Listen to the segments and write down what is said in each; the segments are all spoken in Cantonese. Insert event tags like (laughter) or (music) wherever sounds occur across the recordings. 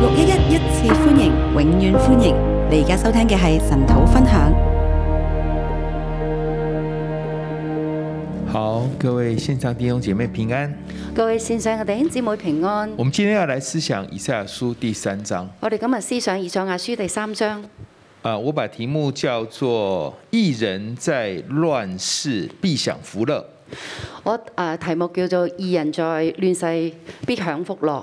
六一一一次歡迎，永遠歡迎！你而家收聽嘅係神徒分享。好，各位線上弟兄姐妹平安。各位線上嘅弟兄姊，姊妹平安。我們今天要來思想以賽亞書第三章。我哋今日思想以賽亞書第三章。啊，我把題目叫做“義人在亂世必享福樂”。我誒、啊，題目叫做“義人在亂世必享福樂”。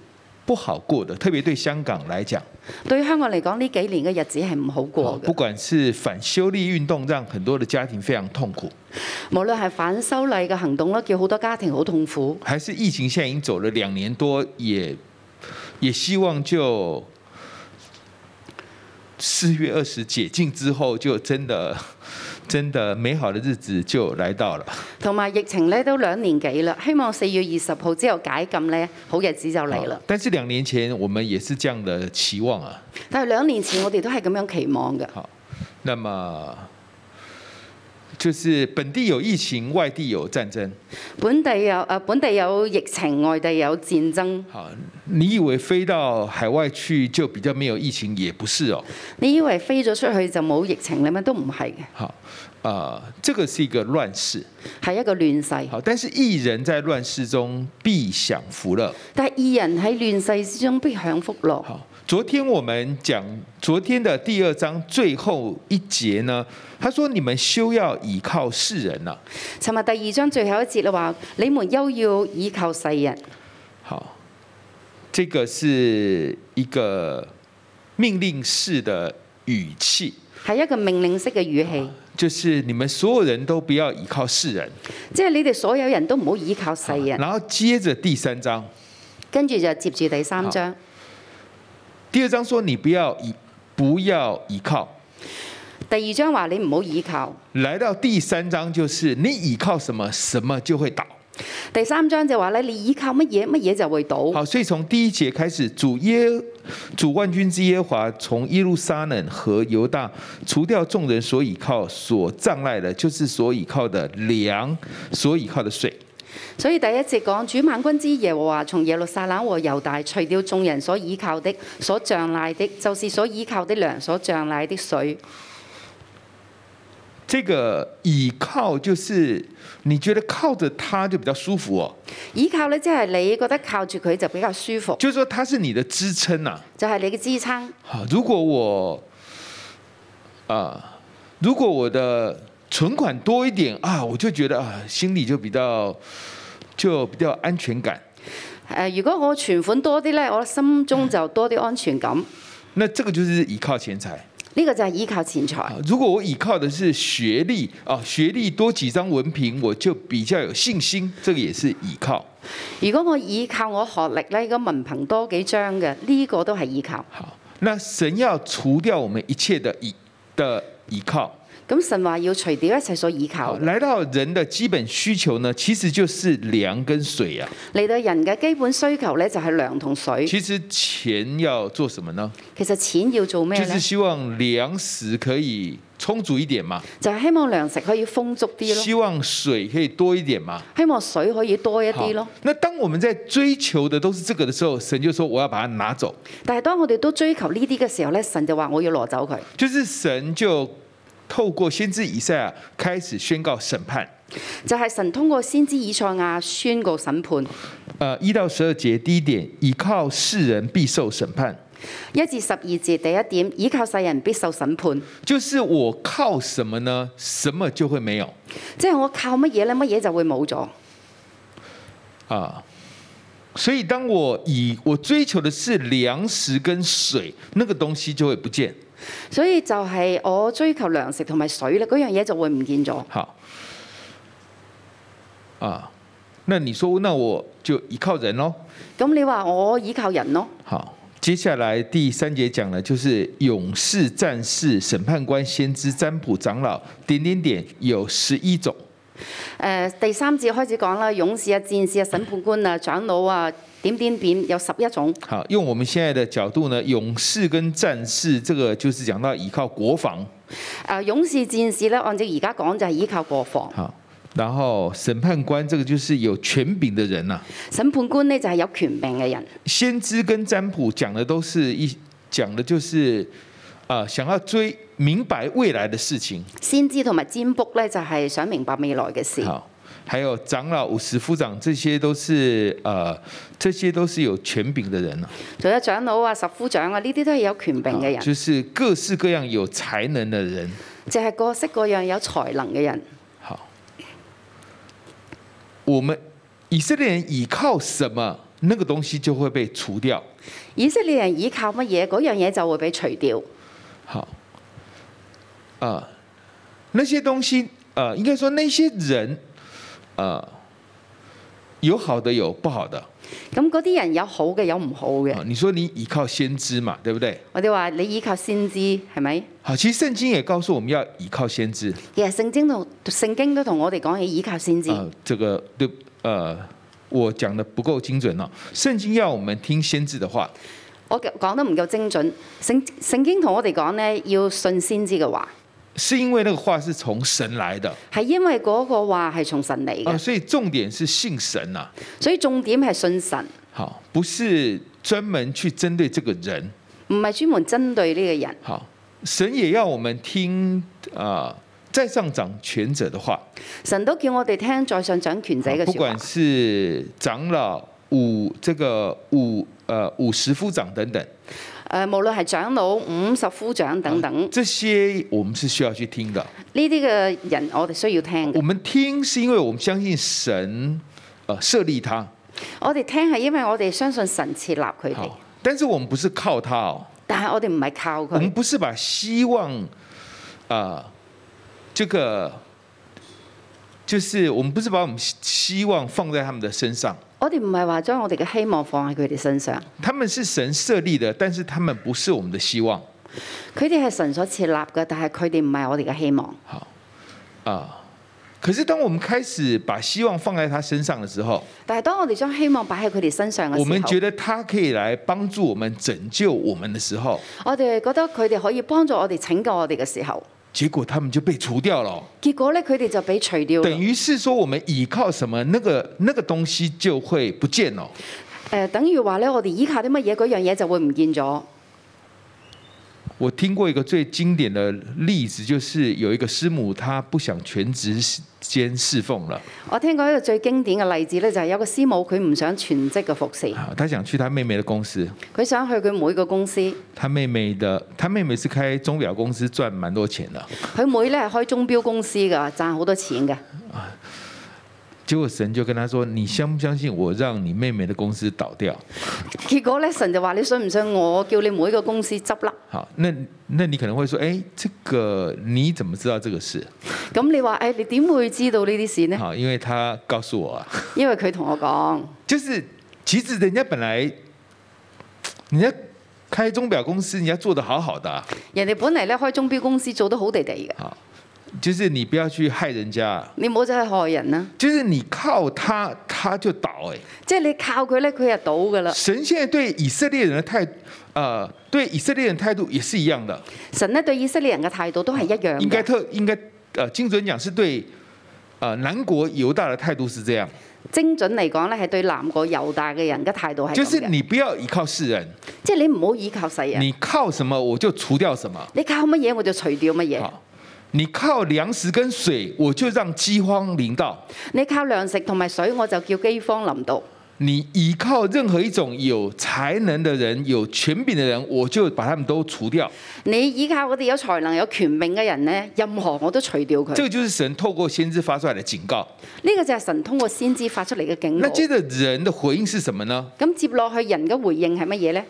不好過的，特別對香港嚟講，對於香港嚟講呢幾年嘅日子係唔好過嘅。不管是反修例運動，讓很多嘅家庭非常痛苦。無論係反修例嘅行動咯，叫好多家庭好痛苦。還是疫情，現在已經走了兩年多，也也希望就四月二十解禁之後，就真的。真的美好的日子就來到了，同埋疫情呢都兩年幾啦，希望四月二十號之後解禁呢，好日子就嚟了好，好。但是兩年前我們也是這樣的期望啊，但係兩年前我哋都係咁樣期望嘅。好，那麼。就是本地有疫情，外地有戰爭。本地有，誒，本地有疫情，外地有戰爭。好，你以為飛到海外去就比較沒有疫情，也不是哦。你以為飛咗出去就冇疫情咧？咩都唔係嘅。好，啊、呃，這個是一個亂世，係一個亂世。好，但是異人在亂世中必享福樂。但係異人喺亂世之中必享福樂。昨天我們講，昨天的第二、啊、昨天第二章最後一節呢，他說：“你們休要倚靠世人吶。”尋日第二章最後一節呢，話，你們休要倚靠世人。好，這個是一個命令式的語氣，係一個命令式嘅語氣，就是你們所有人都不要倚靠世人。即係你哋所有人都唔好倚靠世人。然後接着第三章，跟住就接住第三章。第二章說你不要倚，不要倚靠。第二章話你唔好倚靠。來到第三章就是你倚靠什麼，什麼就會倒。第三章就話咧，你倚靠乜嘢，乜嘢就會倒。好，所以從第一節開始，主耶，主萬軍之耶和華從耶路撒冷和猶大除掉眾人所倚靠、所仗賴的，就是所倚靠的糧，所倚靠的水。所以第一節講主萬軍之耶和華從耶路撒冷和猶大除掉眾人所倚靠的、所仗賴的，就是所倚靠的糧、所仗賴的水。這個倚靠就是你覺得靠着他就比較舒服哦。倚靠呢即係你覺得靠住佢就比較舒服。就是、說它是你的支撐啦、啊。就係、是、你嘅支撐。如果我、啊、如果我的。存款多一點啊，我就覺得啊，心裏就比較，就比較安全感。誒，如果我存款多啲，咧，我心中就多啲安全感，啊。那這個就是依靠錢財。呢個就係依靠錢財。如果我依靠的是學歷啊，學歷多幾張文憑，我就比較有信心。這個也是依靠。如果我依靠我學歷咧，這個文憑多幾張嘅，呢個都係依靠。好，那神要除掉我們一切的依的依靠。咁神話要除掉一切所依靠。來到人的基本需求呢，其實就是糧跟水啊。嚟到人嘅基本需求呢，就係糧同水。其實錢要做什麼呢？其實錢要做咩咧？就是希望糧食可以充足一點嘛。就係希望糧食可以豐足啲咯。希望水可以多一點嘛。希望水可以多一啲咯。那當我們在追求的都是這個的時候，神就說我要把它拿走。但係當我哋都追求呢啲嘅時候呢，神就話我要攞走佢。就是神就。透過先知以賽亞開始宣告審判，就係、是、神通過先知以賽亞宣告審判。一到十二節第一點，依靠世人必受審判。一至十二節第一點，依靠世人必受審判。就是我靠什麼呢？什麼就會沒有？即係我靠乜嘢呢？乜嘢就會冇咗？啊，所以當我以我追求的是糧食跟水，那個東西就會不見。所以就係我追求糧食同埋水咧，嗰樣嘢就會唔見咗。好啊，那你說，那我就依靠人咯。咁你話我依靠人咯。好，接下來第三節講嘅，就是勇士、戰士、審判官、先知、占卜長老，點點點，有十一種。誒、呃，第三節開始講啦，勇士啊，戰士啊，審判官啊，長老啊。點點點，有十一種。好，用我們現在的角度呢，勇士跟戰士，這個就是講到倚靠國防。誒、啊，勇士戰士呢，按照而家講就係依靠國防。好，然後審判官這個就是有權柄的人啦、啊。審判官呢，就係有權柄嘅人。先知跟占卜講的都是講的，就是、呃、想要追明白未來的事情。先知同埋占卜呢，就係想明白未來嘅事。還有長老、五十夫長，這些都是呃，這些都是有權柄的人啊。除咗長老啊、十夫長啊，呢啲都係有權柄嘅人。就是各式各樣有才能嘅人。就係各式各樣有才能嘅人。好，我們以色列人依靠什麼，那個東西就會被除掉。以色列人依靠乜嘢，嗰樣嘢就會被除掉。好，啊，那些東西，呃，應該說那些人。誒、呃，有好的有不好的，咁嗰啲人有好嘅有唔好嘅，哦。你說你倚靠先知嘛，對不對？我哋話你倚靠先知係咪？好，其實聖經也告訴我們要倚靠先知。其實聖經同聖經都同我哋講起倚靠先知。啊，呃，這個，誒、呃，我講得不夠精準啦。聖經要我們聽先知的話，我講得唔夠精準。聖聖經同我哋講呢，要信先知嘅話。是因為那個話是從神來的，係因為嗰個話係從神嚟嘅、啊，所以重點是信神啊，所以重點係信神，好，不是專門去針對這個人，唔係專門針對呢個人。好，神也要我們聽啊、呃，在上掌權者的話，神都叫我哋聽在上掌權者嘅話、啊，不管是長老五，這個五，呃，五十夫長等等。誒、呃，無論係長老、五十夫長等等、啊，這些我們是需要去聽的。呢啲嘅人，我哋需要聽。我們聽是因為我們相信神，呃、設立他。我哋聽係因為我哋相信神設立佢哋，但是我們不是靠他哦。但係我哋唔係靠佢。我們不是把希望，啊、呃，這個，就是我們不是把我們希望放在他們的身上。我哋唔係話將我哋嘅希望放喺佢哋身上。他們是神設立的，但是他們不是我們的希望。佢哋係神所設立嘅，但係佢哋唔係我哋嘅希望。好啊，可是當我們開始把希望放在他身上的時候，但係當我哋將希望擺喺佢哋身上嘅時候，我們覺得他可以來幫助我們拯救我們的時候，我哋覺得佢哋可以幫助我哋拯救我哋嘅時候。結果他們就被除掉了。結果呢，佢哋就被除掉。等於是說，我們依靠什麼，那個那個東西就會不見咯。誒，等於話呢，我哋依靠啲乜嘢，嗰樣嘢就會唔見咗。我聽過一個最經典的例子，就是有一個師母，她不想全職兼侍奉了。我聽過一個最經典嘅例子咧，就係有個師母，佢唔想全職嘅服侍，佢想去佢妹妹嘅公司他的。佢想去佢妹嘅公司。佢妹妹嘅，佢妹妹是開鐘表公司，賺蠻多錢啦。佢妹咧係開鐘表公司噶，賺好多錢嘅。結果神就跟他說：“你相不相信我讓你妹妹的公司倒掉？”結果呢，神就話：“你信不信我叫你每一個公司執笠？”好，那那你可能會說：“哎、欸，這個你怎麼知道這個事？”咁你話：“哎、欸，你點會知道呢啲事呢？”好，因為他告訴我、啊，因為佢同我講，就是其實人家本來，人家開鐘表公司，人家做得好好的、啊，人哋本來咧開鐘表公司做得好地地嘅。就是你不要去害人家，你唔好走去害人啊。就是你靠他，他就倒誒。即係你靠佢咧，佢就倒噶啦。神現在對以色列人的態度，啊、呃，對以色列人的態度也是一樣的。神呢，對以色列人嘅態度都係一樣的。應該特應該，誒、呃，精準講是對、呃，南國猶大的態度是這樣。精準嚟講咧，係對南國猶大嘅人嘅態度係。就是你不要依靠世人，即係你唔好依靠世人。你靠什麼我就除掉什麼，你靠乜嘢我就除掉乜嘢。你靠糧食跟水，我就讓饑荒臨到；你靠糧食同埋水，我就叫饑荒臨到。你依靠任何一種有才能的人，有權柄的人，我就把他們都除掉。你依靠我哋有才能、有權柄嘅人呢，任何我都除掉佢。這個就是神透過先知發出來的警告。呢個就係神通過先知發出嚟嘅警告。那接着人的回應是什麼呢？咁接落去人嘅回應係乜嘢呢？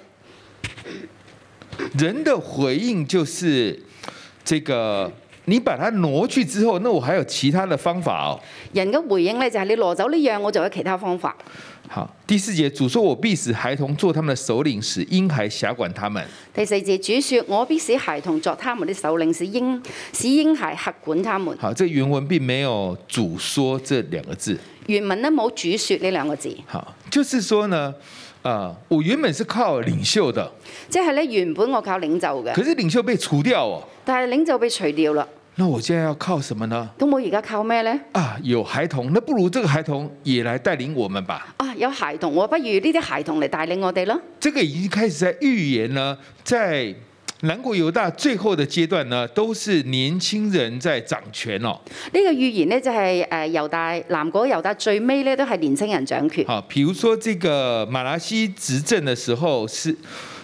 人的回應就是這個。你把它挪去之後，那我還有其他的方法哦。人嘅回應呢，就係、是、你挪走呢、這、樣、個，我就有其他方法。好，第四節主說：我必使孩童做他們的首領，使嬰孩轄管他們。第四節主說：我必使孩童作他們的首領，使嬰使嬰孩轄管他們。好，這個、原文並沒有“主說”這兩個字。原文都冇“主說”呢兩個字。好，就是說呢，啊、呃，我原本是靠領袖的，即係咧原本我靠領袖嘅，可是領袖被除掉哦。但係領袖被除掉了，那我現在要靠什麼呢？都冇而家靠咩咧？啊，有孩童，那不如這個孩童也來帶領我們吧？啊，有孩童，我不如呢啲孩童嚟帶領我哋咯？這個已經開始在預言啦，在南國猶大最後的階段呢，都是年輕人在掌權哦。呢、這個預言呢，就係誒猶大南國猶大最尾咧都係年輕人掌權。好、啊，譬如說這個馬拉西執政的時候是。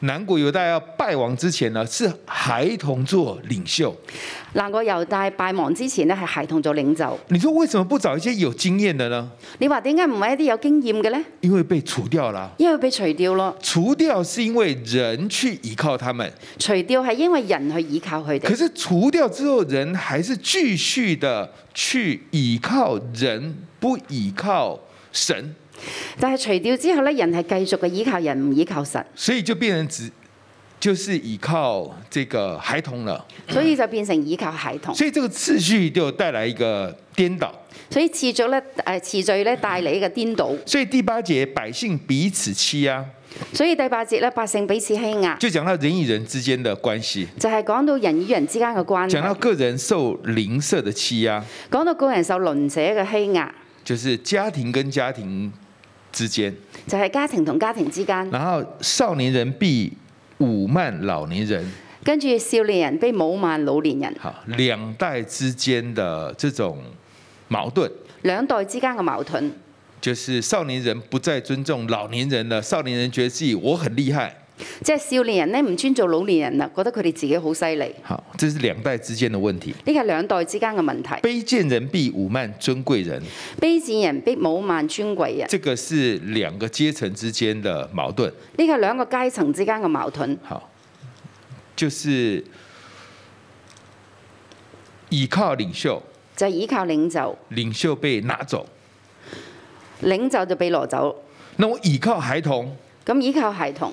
南國猶大要敗亡之前呢，是孩童做領袖。南國猶大敗亡之前呢，是孩童做領袖。你說為什麼不找一些有經驗的呢？你話點解唔係一啲有經驗嘅咧？因為被除掉了。因為被除掉咯。除掉是因為人去依靠他們。除掉係因為人去依靠佢哋。可是除掉之後，人還是繼續的去倚靠人，不依靠神。但、就、係、是、除掉之後咧，人係繼續嘅依靠人，唔依靠神，所以就變成只，就是依靠這個孩童了。 (coughs) 所以就變成依靠孩童。所以這個次序就帶來一個顛倒。所以次序咧，誒、呃，次序咧帶嚟一個顛倒。所以第八節百姓彼此欺壓。所以第八節咧，百姓彼此欺壓，就講到人與人之間的關係，就係、是、講到人與人之間嘅關係。講到個人受鄰舍嘅欺壓，講到個人受鄰舍嘅欺壓，就是家庭跟家庭。就係、是、家庭同家庭之間，然後少年人必侮慢老年人，跟住少年人必侮慢老年人，兩代之間的這種矛盾，兩代之間嘅矛盾，就是少年人不再尊重老年人了，少年人覺得自己我很厲害。即、就、係、是、少年人咧唔尊重老年人啦，覺得佢哋自己好犀利。好，這是兩代之間嘅問題。呢個係兩代之間嘅問題。卑賤人必侮慢尊貴人。卑賤人必侮慢尊貴人。這個是兩個階層之間嘅矛盾。呢個係兩個階層之間嘅矛盾。好，就是依靠領袖。就依靠領袖。領袖被拿走，領袖就被攞走。那我依靠孩童。咁依靠孩童。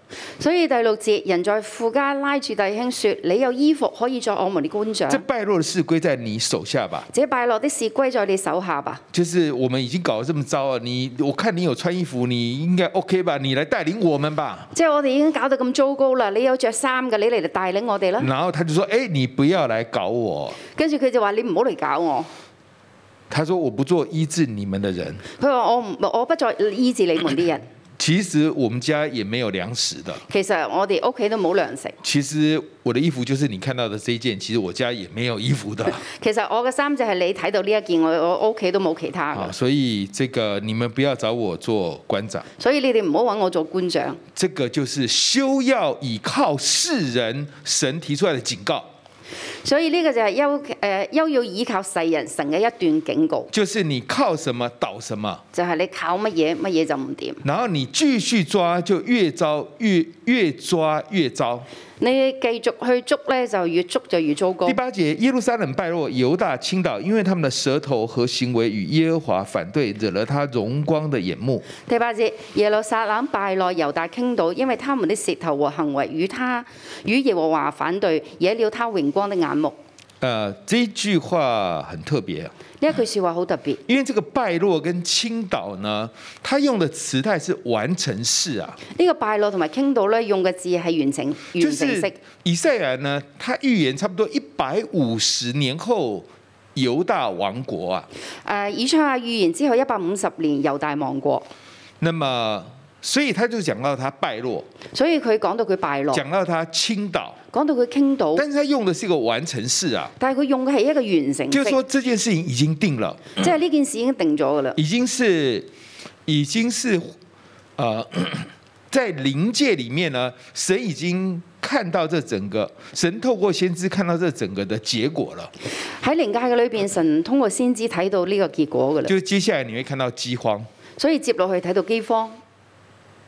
所以第六節，人在父家拉住弟兄說：你有衣服可以做我們的官長。這敗落的事歸在你手下吧。這敗落的事歸在你手下吧。就是我們已經搞得這麼糟啊。你，我看你有穿衣服，你應該 OK 吧？你來帶領我們吧。即係我哋已經搞得咁糟糕啦，你有着衫嘅，你嚟嚟帶領我哋啦。然後他就說：誒，你不要來搞我。跟住佢就話：你唔好嚟搞我。他說：我不做醫治你們的人。佢話：我我不再醫治你們的人。 (coughs) 其實我們家也沒有糧食的。其實我哋屋企都冇糧食。其實我的衣服就是你看到的這件，其實我家也沒有衣服的。其實我嘅衫就係你睇到呢一件，我我屋企都冇其他。所以這個你們不要找我做官長。所以你哋唔好揾我做官長。這個就是休要倚靠世人神提出來的警告。所以呢個就係優誒優要倚靠世人，神嘅一段警告。就是你靠什麼，倒什麼，就係、是、你靠乜嘢，乜嘢就唔掂。然後你繼續抓，就越糟越越抓越糟。你繼續去捉咧，就越捉就越糟糕。第八節，耶路撒冷敗落，猶大傾倒，因為他們的舌頭和行為與耶和華反對，惹了他榮光的眼目。第八節，耶路撒冷敗落，猶大傾倒，因為他們的舌頭和行為與他與耶和華反對，惹了他榮光的眼目。誒，呃，這句話很特別啊。呢一句説話好特別，因為這個敗落跟傾倒呢，他用的詞態是完成式啊。呢、這個敗落同埋傾倒咧，用嘅字係完成完成式。就是、以賽亞呢，他預言差不多一百五十年後猶大王國啊。誒、呃，以賽亞預言之後一百五十年猶大亡國。那麼。所以他就講到他敗落，所以佢講到佢敗落，講到他傾倒，講到佢傾倒。但是他用的是一個完成式啊，但係佢用嘅係一個完成式，就是說這件事情已經定了，即係呢件事已經定咗噶啦，已經是，已經是，呃，在靈界裏面呢，神已經看到這整個，神透過先知看到這整個的結果了。喺靈界嘅裏邊，神通過先知睇到呢個結果噶啦，就接下來你會看到饑荒，所以接落去睇到饑荒。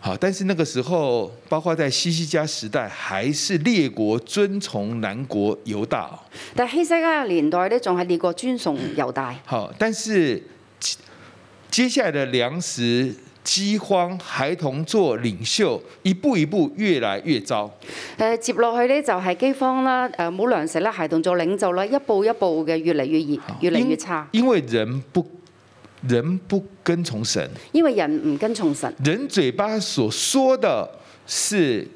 好，但是那個時候，包括在希西家時代，還是列國遵從南國猶大。但希西家嘅年代呢，仲係列國尊崇猶大。好，但是接下來嘅糧食饑荒，孩童做領袖，一步一步越來越糟。接落去呢，就係饑荒啦，誒冇糧食啦，孩童做領袖啦，一步一步嘅越嚟越熱，越嚟越差。因為人不人不跟從神，因為人唔跟從神。人嘴巴所說的是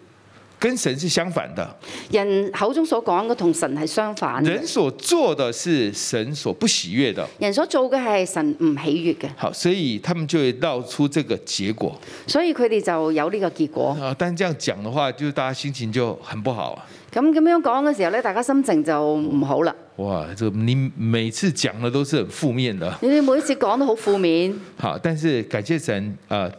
跟神是相反的，人口中所講嘅同神係相反的。人所做的是神所不喜悦的，人所做嘅係神唔喜悅的。好，所以他們就會鬧出這個結果。所以佢哋就有呢個結果啊！但係這樣講嘅話，就大家心情就很不好啊。咁咁樣講嘅時候呢，大家心情就唔好啦。哇！就你每次講的都是很負面的，你們每次講都好負面。好，但是感謝神啊、呃！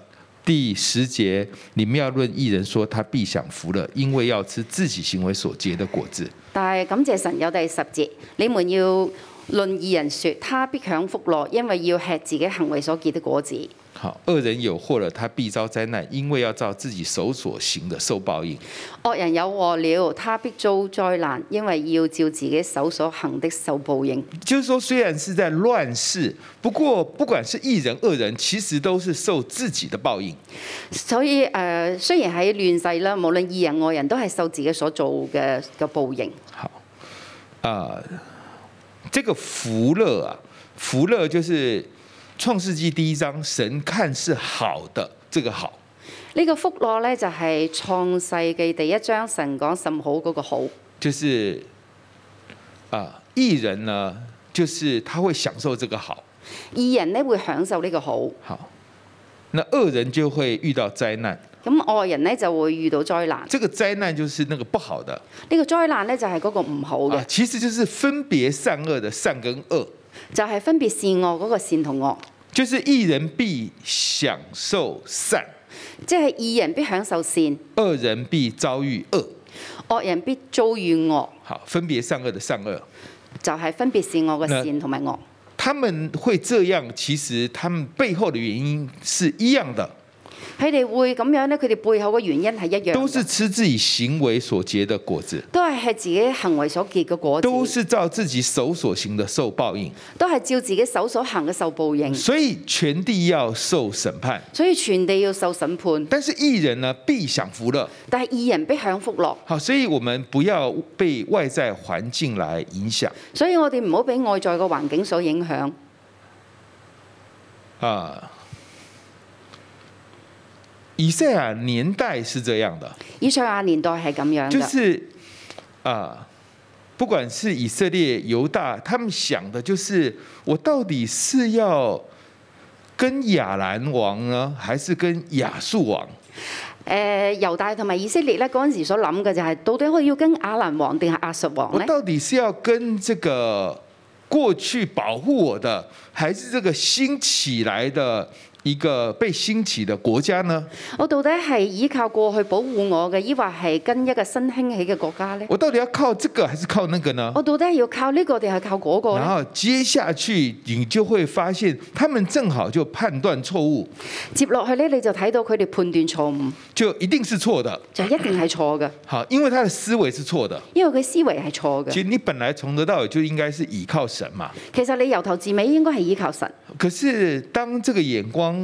第十節，你們要論義人說，他必享福樂，因為要吃自己行為所結的果子。但係感謝神有第十節，你們要論義人說，他必享福樂，因為要吃自己行為所結的果子。好，惡人有禍了，他必遭災難，因為要照自己手所行的受報應。惡人有禍了，他必遭災難，因為要照自己手所行的受報應。就是說，雖然是在亂世，不過不管是義人、惡人，其實都是受自己的報應。所以，呃，雖然喺亂世啦，無論義人，人、惡人都係受自己所做嘅嘅報應。好，啊、呃，這個福樂啊，福樂就是。《創世記》第一章，神看是好的，這個好。呢、這個福樂呢就係《創世記》第一章神講甚好嗰個好，就是啊，義人呢，就是他會享受這個好。義人呢會享受呢個好。好，那惡人就會遇到災難。咁惡人呢就會遇到災難。這個災難就是那個不好的。呢、這個災難呢就係嗰個唔好嘅、啊。其實就是分別善惡的善跟惡。就係、是、分別善惡個善同惡，就是一人必享受善，即、就、係、是、二人必享受善，二人必遭遇惡，惡人必遭遇惡。好，分別善惡的善惡，就係、是、分別、就是惡嘅善同埋惡。他們會這樣，其實他們背後的原因是一樣的。佢哋會咁樣呢，佢哋背後嘅原因係一樣。都是吃自己行為所結的果子。都係食自己行為所結嘅果子。都是照自己手所行的受報應。都係照自己手所行嘅受報應。所以全地要受審判。所以全地要受審判。但是義人呢，必享福樂。但係義人必享福樂。好，所以我們不要被外在環境來影響。所以我哋唔好俾外在嘅環境所影響。啊。以賽亞年代是這樣的，以賽亞年代係咁樣，就是啊，不管是以色列、猶大，他們想的就是我到底是要跟亞蘭王呢，還是跟亞述王？誒、呃，猶大同埋以色列咧，嗰陣時所諗嘅就係到底我要跟亞蘭王定係亞述王呢？到底是要跟這個過去保護我的，還是這個新起來的？一個被興起的國家呢？我到底係依靠過去保護我嘅，抑或係跟一個新興起嘅國家呢？我到底要靠這個還是靠那個呢？我到底要靠呢個定係靠嗰個呢？然後接下去你就會發現，他們正好就判斷錯誤。接落去呢，你就睇到佢哋判斷錯誤，就一定是錯的，就一定係錯嘅。好，因為佢嘅思維是錯的，因為佢思維係錯嘅。其實你本來從頭到尾就應該是依靠神嘛。其實你由頭至尾應該係依靠神。可是當這個眼光。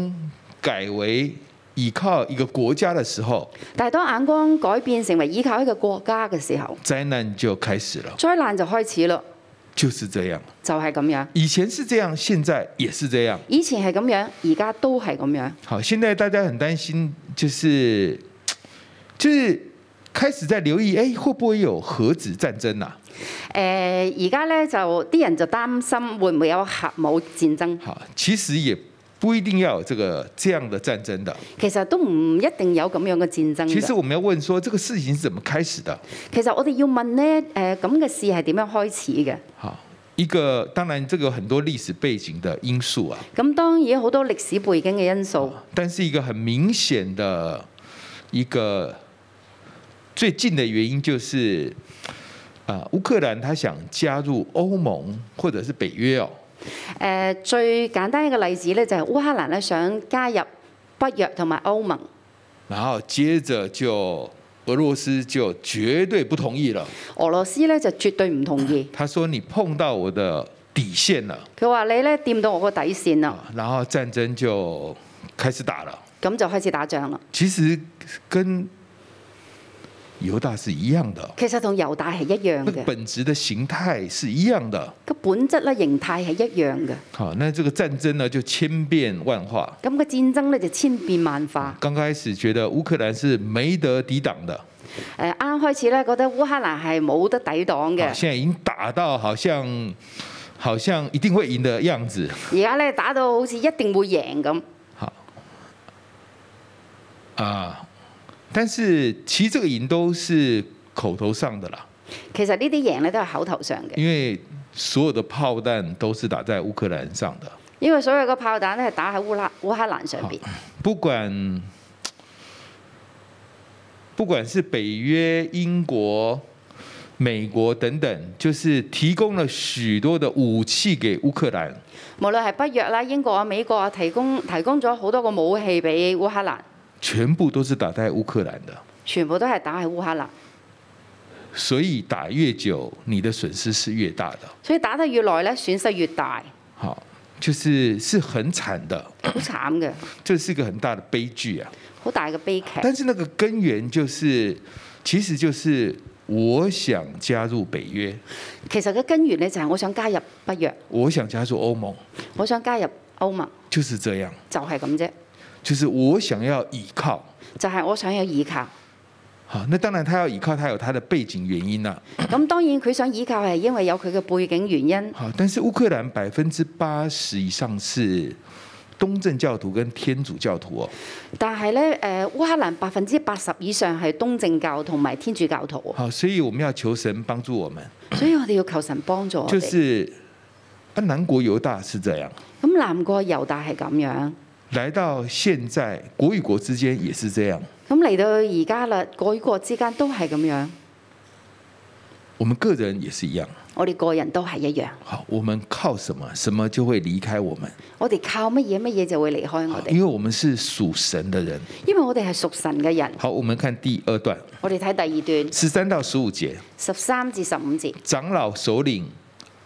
改為依靠一個國家的時候，但係當眼光改變成為依靠一個國家嘅時候，災難就開始了。災難就開始了，就是這樣，就係咁樣。以前是這樣，現在也是這樣。以前係咁樣，而家都係咁樣。好，現在大家很擔心，就是就是開始在留意，誒，會不會有核子戰爭啊？誒，而家咧就啲人就擔心會唔會有核武戰爭？好，其實也。不一定要有這個這樣的戰爭的，其實都唔一定有咁樣嘅戰爭。其實我們要問說，這個事情是怎麼開始的？其實我哋要問呢，誒，咁嘅事係點樣開始嘅？一個當然，這個很多歷史背景的因素啊。咁當然好多歷史背景嘅因素。但是一個很明顯的一個最近的原因就是，啊，烏克蘭他想加入歐盟或者是北約哦。呃，最簡單一個例子呢，就係烏克蘭咧想加入北約同埋歐盟，然後接着就俄羅斯就絕對不同意啦。俄羅斯呢，就絕對唔同意，他說你碰到我的底線啦。佢話你咧掂到我個底線啦，然後戰爭就開始打了，咁就開始打仗啦。其實跟。猶大是一樣的，其實同猶大係一樣嘅本質的形態是一樣的，個本質啦形態係一樣嘅。好，那這個戰爭呢就千變萬化，咁個戰爭呢就千變萬化。剛開始覺得烏克蘭是沒得抵擋的，誒啱開始呢覺得烏克蘭係冇得抵擋嘅，現在已經打到好像好像一定會贏的樣子。而家呢，打到好似一定會贏咁。好，啊。但是其實這個贏都是口頭上的啦。其實呢啲贏咧都係口頭上嘅。因為所有的炮彈都是打在烏克蘭上的。因為所有嘅炮彈都係打喺烏克烏克蘭上邊。不管不管是北約、英國、美國等等，就是提供了許多的武器給烏克蘭。無論係北約啦、英國啊、美國啊，提供提供咗好多個武器俾烏克蘭。全部都是打在烏克蘭的，全部都是打喺烏克蘭，所以打越久，你的損失是越大的。所以打得越耐呢，損失越大。好，就是是很慘的，好慘嘅，這、就是一個很大的悲劇啊，好大嘅悲劇。但是那個根源就是，其實就是我想加入北約。其實個根源呢就係我想加入北約，我想加入歐盟，我想加入歐盟，就是這樣，就係咁啫。就是我想要倚靠，就係、是、我想要倚靠。好，那當然，他要倚靠，他有他的背景原因啦。咁當然，佢想倚靠係因為有佢嘅背景原因。好，但是烏克蘭百分之八十以上是東正教徒跟天主教徒哦。但係咧，誒，烏克蘭百分之八十以上係東正教同埋天主教徒。好，所以我們要求神幫助我們。所以我哋要求神幫助我。就是南國猶大是這樣。咁南國猶大係咁樣。來到現在，國與國之間也是這樣。咁嚟到而家啦，國與國之間都係咁樣。我們個人也是一樣。我哋個人都係一樣。好，我們靠什麼，什麼就會離開我們。我哋靠乜嘢，乜嘢就會離開我哋。因為我們是屬神的人。因為我哋係屬神嘅人。好，我們看第二段。我哋睇第二段，十三到十五節。十三至十五節。長老首領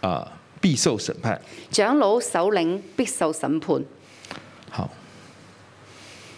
啊、呃，必受審判。長老首領必受審判。好。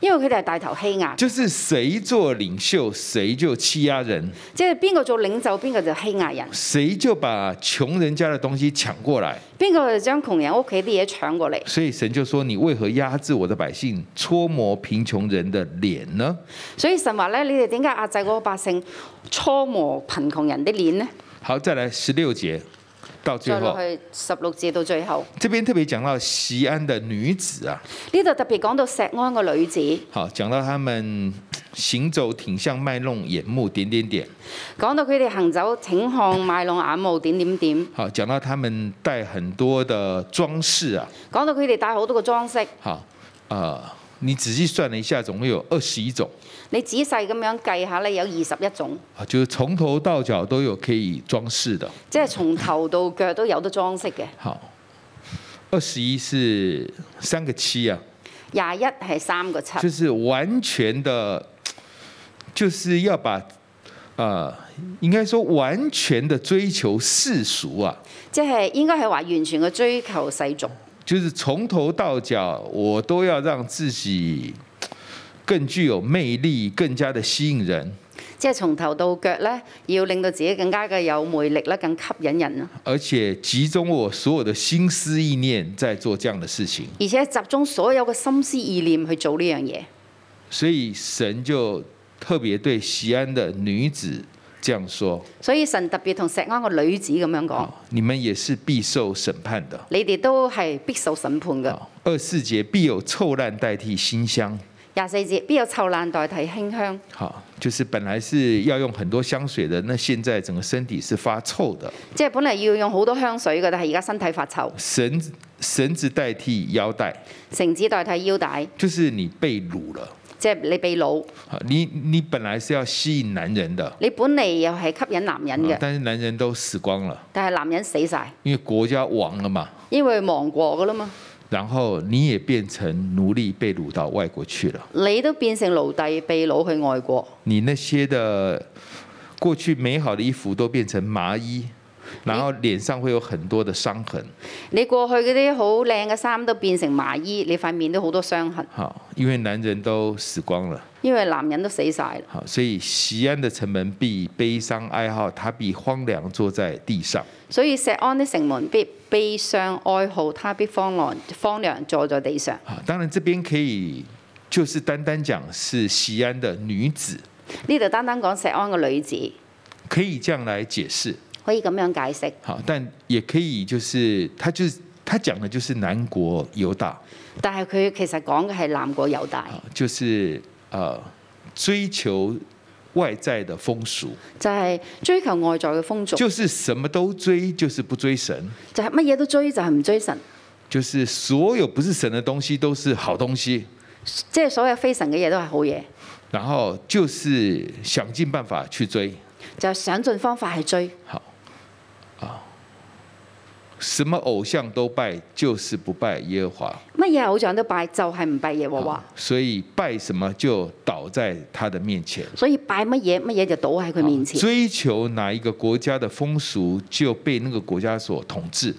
因為佢哋係帶頭欺壓，就是誰做領袖，誰就欺壓人，即係邊個做領袖，邊個就欺壓人，誰就把窮人家的東西搶過來，邊個就將窮人屋企啲嘢搶過嚟，所以神就說：你為何壓制我的百姓，搓磨貧窮人的臉呢？所以神話咧，你哋點解壓制嗰個百姓，搓磨貧窮人的臉呢？好，再來十六節。到最後再落去十六節，到最後。這邊特別講到錫安的女子啊。呢度特別講到錫安個女子。好，講到他們行走挺項賣弄眼目點點點。講到佢哋行走挺項賣弄眼目點點點。好，講到他們帶很多的裝飾啊。講到佢哋帶好多個裝飾、啊。好，啊、呃。你仔細算了一下，總共有二十一種。你仔細咁樣計下咧，有二十一種。啊，就是從頭到腳都有可以裝飾的。即係從頭到腳都有得裝飾嘅。好，二十一是三個七啊。廿一係三個七。就是完全的，就是要把，啊、呃，應該說完全的追求世俗啊。即係應該係話完全嘅追求世俗。就是從頭到腳，我都要讓自己更具有魅力，更加的吸引人。即係從頭到腳咧，要令到自己更加嘅有魅力咧，更吸引人。而且集中我所有的心思意念在做這樣的事情，而且集中所有嘅心思意念去做呢樣嘢。所以神就特別對錫安的女子這樣說，所以神特別同錫安個女子咁樣講，你們也是必受審判的。你哋都係必受審判嘅。二十四節必有臭爛代替馨香。廿四節必有臭爛代替馨香。好，就是本來是要用很多香水的，那現在整個身體是發臭的。即、就、係、是、本嚟要用好多香水嘅，但係而家身體發臭。繩繩子代替腰帶。繩子代替腰帶。就是你被擄了。即、就、係、是、你被擄。你你本來是要吸引男人的，你本嚟又係吸引男人嘅，但是男人都死光了，但係男人死晒，因為國家亡了嘛，因為亡國嘅啦嘛，然後你也變成奴隸被擄到外國去了，你都變成奴隸被擄去外國，你那些的過去美好的衣服都變成麻衣。然後臉上會有很多的傷痕。你過去嗰啲好靚嘅衫都變成麻衣，你塊面都好多傷痕。好，因為男人都死光了。因為男人都死晒啦。好，所以錫安的城門必悲傷哀號，他必荒涼坐在地上。所以錫安的城門必悲傷哀號，他必荒涼荒涼坐在地上。啊，當然這邊可以，就是單單講是錫安的女子。呢度單單講錫安嘅女子，可以這樣來解釋。可以咁樣解釋。好，但也可以就是，他就是他講嘅就是南國猶大。但係佢其實講嘅係南國猶大，就是呃。就是追求外在的風俗。就係、是、追求外在嘅風俗。就是什麼都追，就是不追神。就係乜嘢都追，就係唔追神。就是所有不是神的東西都是好東西。即、就、係、是、所有非神嘅嘢都係好嘢。然後就是想盡辦法去追。就是、想盡方法去追。好。什麼偶像都拜，就是不拜耶和華。乜嘢偶像都拜，就係唔拜耶和華。所以拜什麼就倒在他的面前。所以拜乜嘢，乜嘢就倒喺佢面前。追求哪一個國家的風俗，就被那個國家所統治。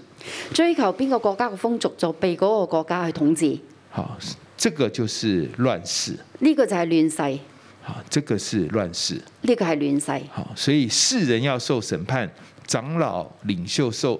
追求邊個國家嘅風俗，就被嗰個國家去統治。好，這個就是亂世。呢個就係亂世。好，這個是亂世。呢個係亂世。好，所以世人要受審判，長老領袖受。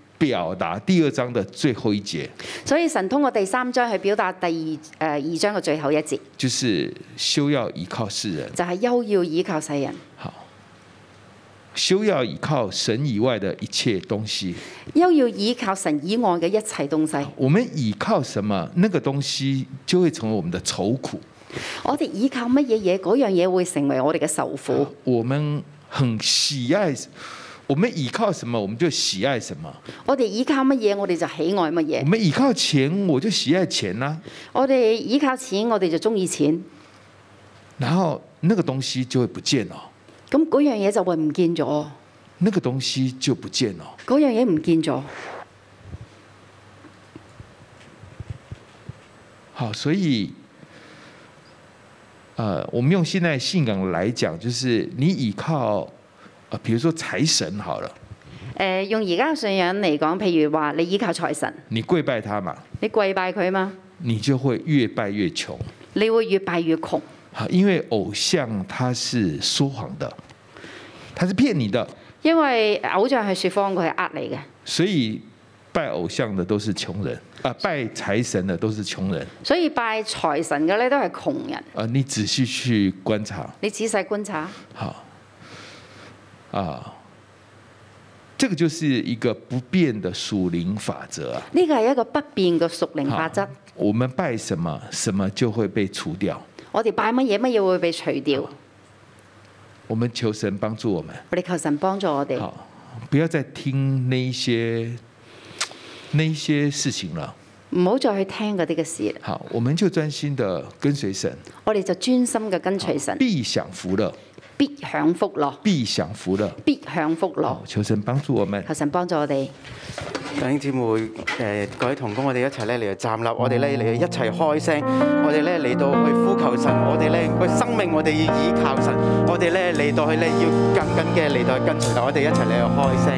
表達第二章的最後一節，所以神通過第三章去表達第二誒、呃、二章嘅最後一節，就是休要倚靠世人，就係、是、休要倚靠世人。好，休要倚靠神以外的一切東西，休要倚靠神以外嘅一切東西。我們倚靠什麼，那個東西就會成為我們的愁苦。我哋倚靠乜嘢嘢，嗰樣嘢會成為我哋嘅愁苦。我們很喜愛。我們依靠什麼，我們就喜愛什麼。我哋依靠乜嘢，我哋就喜愛乜嘢。我們依靠錢，我就喜愛錢啦、啊。我哋依靠錢，我哋就中意錢。然後那個東西就會不見了。咁嗰樣嘢就會唔見咗。那個東西就不見了。嗰樣嘢唔見咗。好，所以，呃，我們用現在的信仰來講，就是你依靠。啊，譬如說財神好了，誒，用而家嘅信仰嚟講，譬如話你依靠財神，你跪拜他嘛，你跪拜佢嘛，你就會越拜越窮，你會越拜越窮，好，因為偶像他是說謊的，他是騙你的，因為偶像係說謊，佢係呃你嘅，所以拜偶像嘅都是窮人，啊，拜財神嘅都是窮人，所以拜財神嘅咧都係窮人，啊，你仔細去觀察，你仔細觀察，好。啊，這個就是一個不變的屬靈法則，啊。呢個係一個不變嘅屬靈法則。我們拜什麼，什麼就會被除掉。我哋拜乜嘢，乜嘢會被除掉。我們求神幫助我們。我哋求神幫助我哋。好，不要再聽那些，那些事情了。唔好再去聽嗰啲嘅事。好，我們就專心的跟隨神。我哋就專心嘅跟隨神，必享福樂。必享福咯，必享福咯，必享福咯。求神幫助我們，求神幫助我哋。弟兄姊妹，誒各位同工，我哋一齊咧嚟到站立，我哋咧嚟到一齊開聲，我哋咧嚟到去呼求神，我哋咧個生命，我哋要倚靠神，我哋咧嚟到去咧要緊緊嘅嚟到去跟隨，我哋一齊嚟到開聲。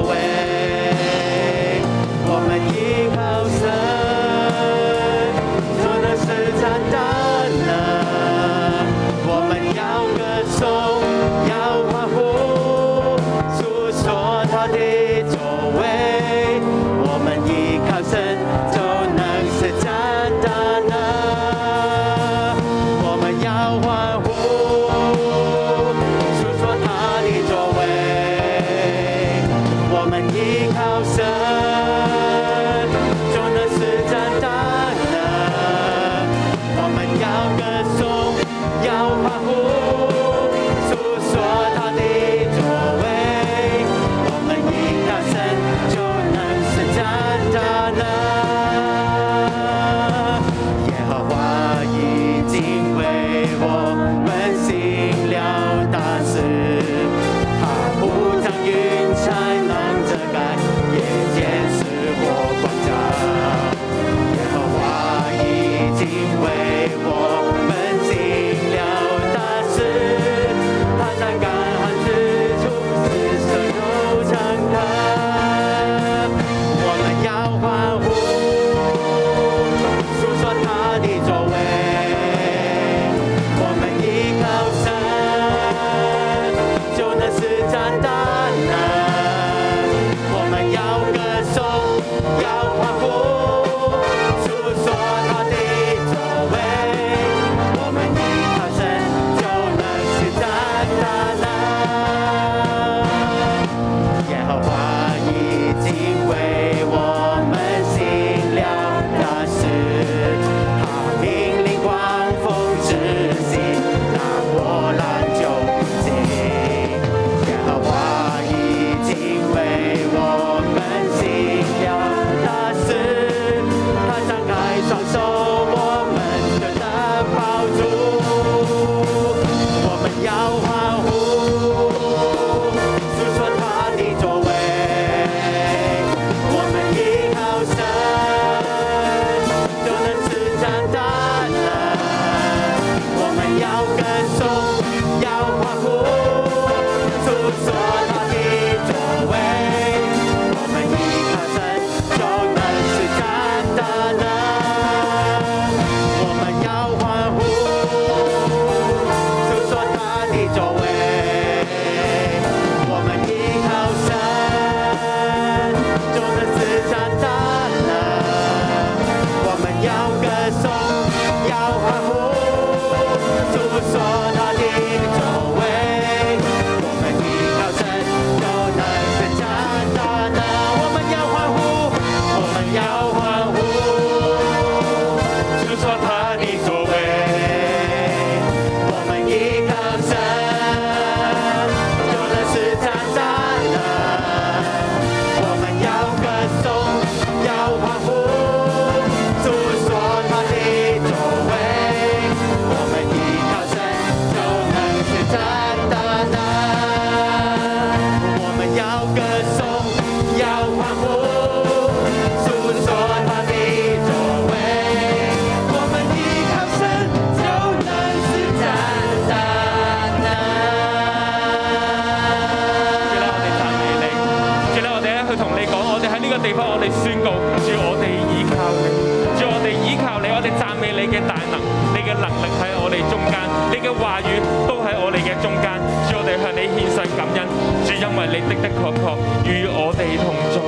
你嘅大能，你嘅能力喺我哋中間，你嘅話語都喺我哋嘅中間，主，我哋向你獻上感恩，主，因為你的的確確與我哋同在。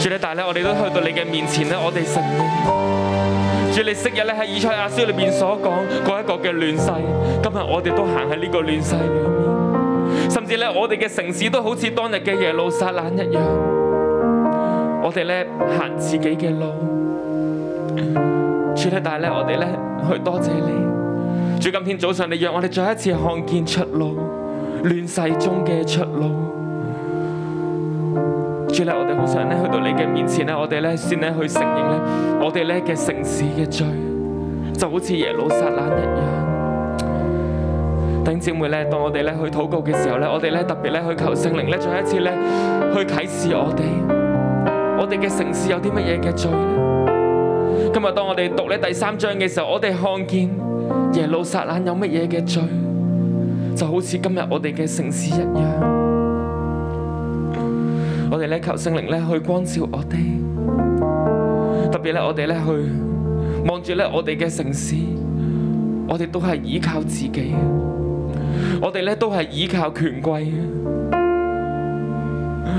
主，你大咧，我哋都去到你嘅面前咧，我哋承認。主，你昔日咧喺以賽亞書裏邊所講嗰一個嘅亂世，今日我哋都行喺呢個亂世裏面，甚至咧我哋嘅城市都好似當日嘅耶路撒冷一樣，我哋咧行自己嘅路。主咧，但係咧，我哋咧去多謝你。主，今天早上你約我哋再一次看見出路，亂世中嘅出路。主咧，我哋好想咧去到你嘅面前咧，我哋咧先咧去承認咧，我哋咧嘅城市嘅罪就好似耶路撒冷一樣。弟兄姊妹咧，當我哋咧去禱告嘅時候咧，我哋咧特別咧去求聖靈咧再一次咧去啟示我哋，我哋嘅城市有啲乜嘢嘅罪咧？今日當我哋讀呢第三章嘅時候，我哋看見耶路撒冷有乜嘢嘅罪，就好似今日我哋嘅城市一樣。我哋咧求聖靈咧去光照我哋，特別咧我哋咧去望住咧我哋嘅城市，我哋都係依靠自己，我哋咧都係依靠權貴，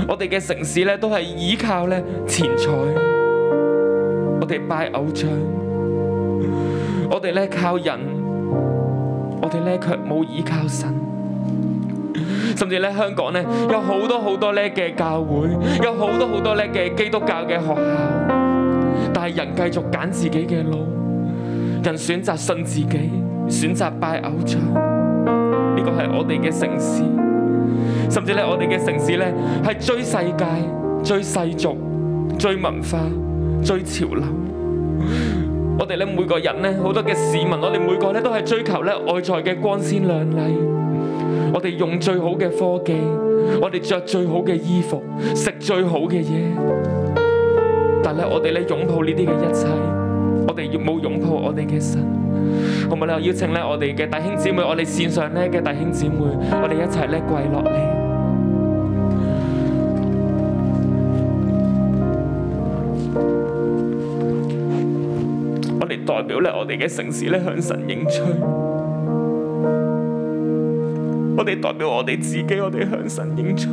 我哋嘅城市咧都係依靠咧錢財。我哋拜偶像，我哋咧靠人，我哋咧卻冇依靠神。甚至咧，香港咧有好多好多咧嘅教會，有好多好多咧嘅基督教嘅學校，但係人繼續揀自己嘅路，人選擇信自己，選擇拜偶像。呢個係我哋嘅城市，甚至咧我哋嘅城市咧係追世界、追世俗、追文化。追潮流，我哋咧每個人咧，好多嘅市民，我哋每個咧都係追求咧外在嘅光鮮亮麗，我哋用最好嘅科技，我哋着最好嘅衣服，食最好嘅嘢。但係我哋咧擁抱呢啲嘅一切，我哋要冇擁抱我哋嘅神。好唔好？我邀請咧我哋嘅弟兄姊妹，我哋綫上咧嘅弟兄姊妹，我哋一齊咧跪落嚟。代表咧，我哋嘅城市咧向神認罪；我哋代表我哋自己，我哋向神認罪。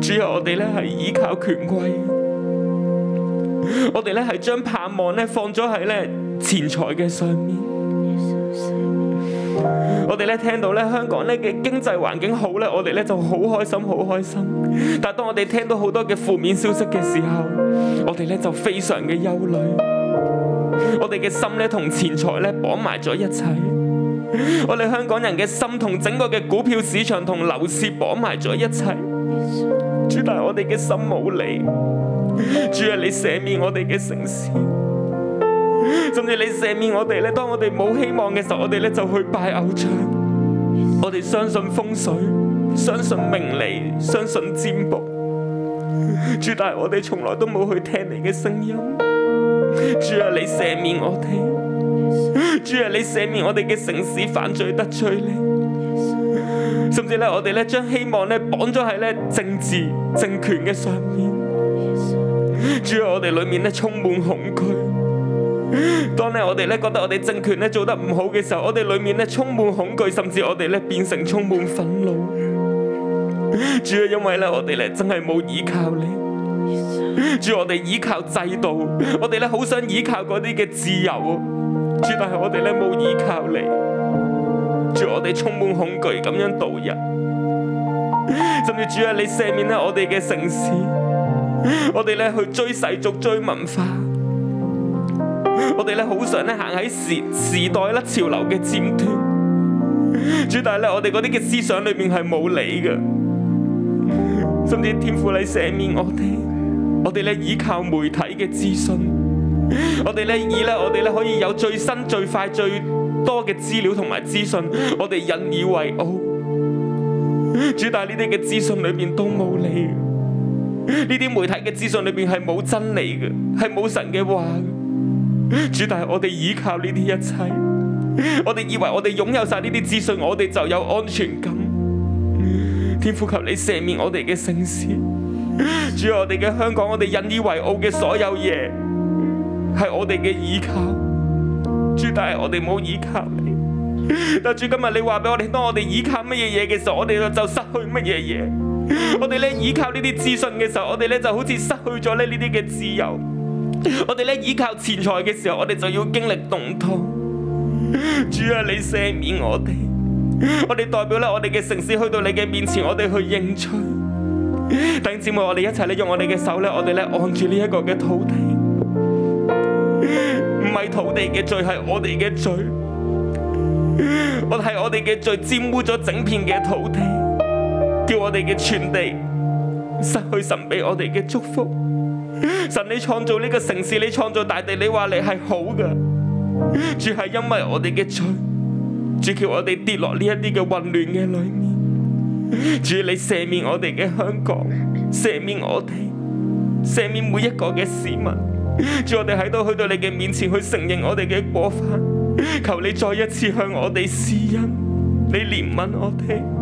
主要我哋咧係依靠權貴，我哋咧係將盼望咧放咗喺咧錢財嘅上面。我哋咧聽到咧香港咧嘅經濟環境好咧，我哋咧就好開心，好開心。但係當我哋聽到好多嘅負面消息嘅時候，我哋咧就非常嘅憂慮。我哋嘅心咧同錢財咧綁埋咗一齊，我哋香港人嘅心同整個嘅股票市場同樓市綁埋咗一齊。主啊，我哋嘅心冇你，主啊，你赦免我哋嘅城市。甚至你赦免我哋咧，當我哋冇希望嘅時候，我哋咧就去拜偶像，我哋相信風水，相信命理，相信占卜。主，但係我哋從來都冇去聽你嘅聲音。主啊，你赦免我哋。主啊，你赦免我哋嘅城市犯罪得罪你。甚至咧，我哋咧將希望咧綁咗喺咧政治政權嘅上面。主啊，我哋裏面咧充滿恐懼。當咧我哋咧覺得我哋政權咧做得唔好嘅時候，我哋裏面咧充滿恐懼，甚至我哋咧變成充滿憤怒。主要因為咧我哋咧真係冇依靠你，主要我哋依靠制度，我哋咧好想依靠嗰啲嘅自由。主，但係我哋咧冇依靠你，主要我哋充滿恐懼咁樣度日，甚至主要你赦免咧我哋嘅城市，我哋咧去追世俗、追文化。我哋咧好想咧行喺時時代啦潮流嘅尖端，主但咧我哋啲嘅思想裏邊係冇你嘅，甚至天父你赦免我哋，我哋咧依靠媒體嘅資訊，我哋咧以咧我哋咧可以有最新最快最多嘅資料同埋資訊，我哋引以為傲，主但呢啲嘅資訊裏邊都冇你，呢啲媒體嘅資訊裏邊係冇真理嘅，係冇神嘅話的。主，但係我哋依靠呢啲一切，我哋以為我哋擁有曬呢啲資訊，我哋就有安全感。天父求你赦免我哋嘅城市，主我哋嘅香港，我哋引以為傲嘅所有嘢，係我哋嘅依靠。主，但係我哋冇依靠你。但主今日你話俾我哋，當我哋依靠乜嘢嘢嘅時候，我哋就失去乜嘢嘢。我哋咧依靠呢啲資訊嘅時候，我哋咧就好似失去咗咧呢啲嘅自由。我哋咧依靠錢財嘅時候，我哋就要經歷動盪。主啊，你赦免我哋。我哋代表咧，我哋嘅城市去到你嘅面前，我哋去認罪。等姊妹我我，我哋一齊咧用我哋嘅手咧，我哋咧按住呢一個嘅土地。唔係土地嘅罪，係我哋嘅罪。我哋係我哋嘅罪，沾污咗整片嘅土地，叫我哋嘅全地失去神俾我哋嘅祝福。神，你創造呢個城市，你創造大地，你話你係好噶，主係因為我哋嘅罪，主叫我哋跌落呢一啲嘅混亂嘅裏面，主你赦免我哋嘅香港，赦免我哋，赦免每一個嘅市民，主我哋喺度去到你嘅面前去承認我哋嘅過犯，求你再一次向我哋施恩，你憐憫我哋。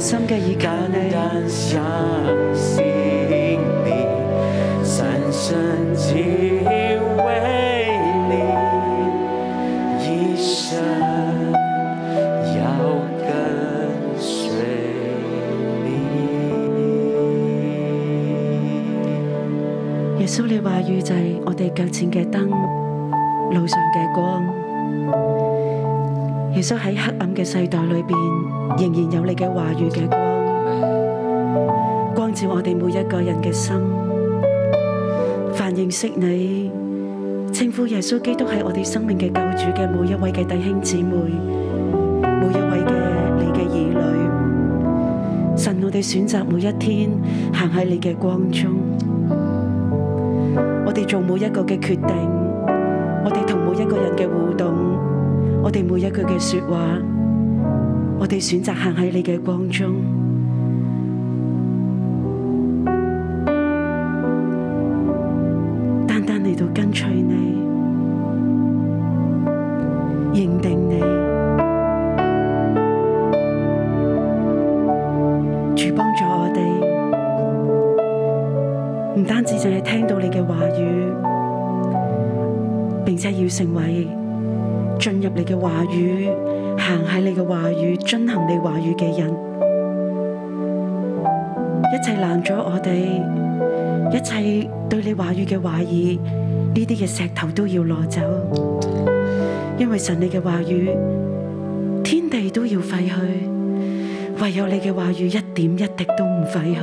心嘅意，感恩。但想是你，深深敬畏你，一生要跟隨你。耶穌，你話語就係我哋腳前嘅燈，路上嘅光。耶穌喺黑。嘅世代裏邊，仍然有你嘅話語嘅光，光照我哋每一個人嘅心。凡認識你、稱呼耶穌基督係我哋生命嘅救主嘅每一位嘅弟兄姊妹，每一位嘅你嘅兒女，神，我哋選擇每一天行喺你嘅光中。我哋做每一個嘅決定，我哋同每一個人嘅互動，我哋每一句嘅說話。我哋選擇行喺你嘅光中。石頭都要攞走，因為神你嘅話語，天地都要廢去，唯有你嘅話語一點一滴都唔廢去。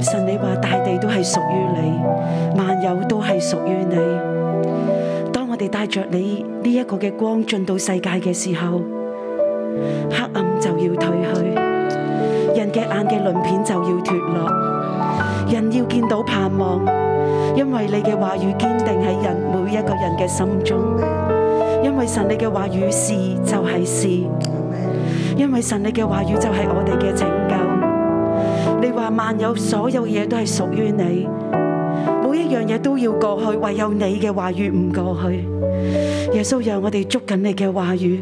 神你話大地都係屬於你，萬有都係屬於你。當我哋帶着你呢一個嘅光進到世界嘅時候，黑暗就要退去，人嘅眼嘅鱗片就要脫落，人要見到盼望。因為你嘅話語堅定喺人每一個人嘅心中，因為神你嘅話語是就係是，因為神你嘅話語就係我哋嘅拯救。你話萬有所有嘢都係屬於你，每一樣嘢都要過去，唯有你嘅話語唔過去。耶穌讓我哋捉緊你嘅話語。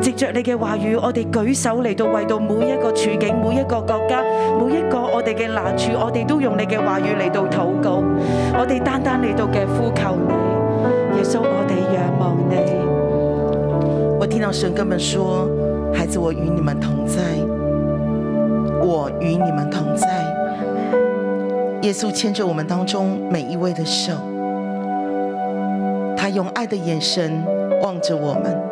藉着你嘅話語，我哋舉手嚟到為到每一個處境、每一個國家、每一個我哋嘅難處，我哋都用你嘅話語嚟到禱告。我哋單單嚟到嘅呼求你，耶穌，我哋仰望你。我聽到神今日說：孩子，我與你們同在，我與你們同在。耶穌牽着我們當中每一位的手，他用愛的眼神望着我們。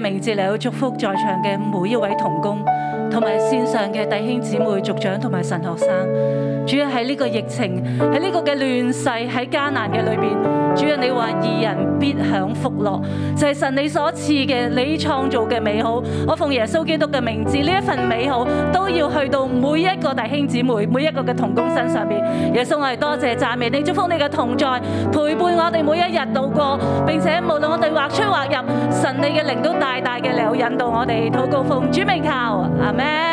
名字嚟，有祝福在場嘅每一位同工，同埋線上嘅弟兄姊妹、族長同埋神學生。主要喺呢個疫情，喺呢個嘅亂世，喺艱難嘅裏面。主啊，你話二人必享福樂，就係神你所賜嘅，你創造嘅美好。我奉耶穌基督嘅名字，呢一份美好都要去到每一個弟兄姊妹、每一個嘅同工身上邊。耶穌我哋多謝讚美，你祝福你嘅同在，陪伴我哋每一日度過，並且無論我哋或出或入，神你嘅靈都大大嘅嚟引導我哋禱告奉主名求，阿咩。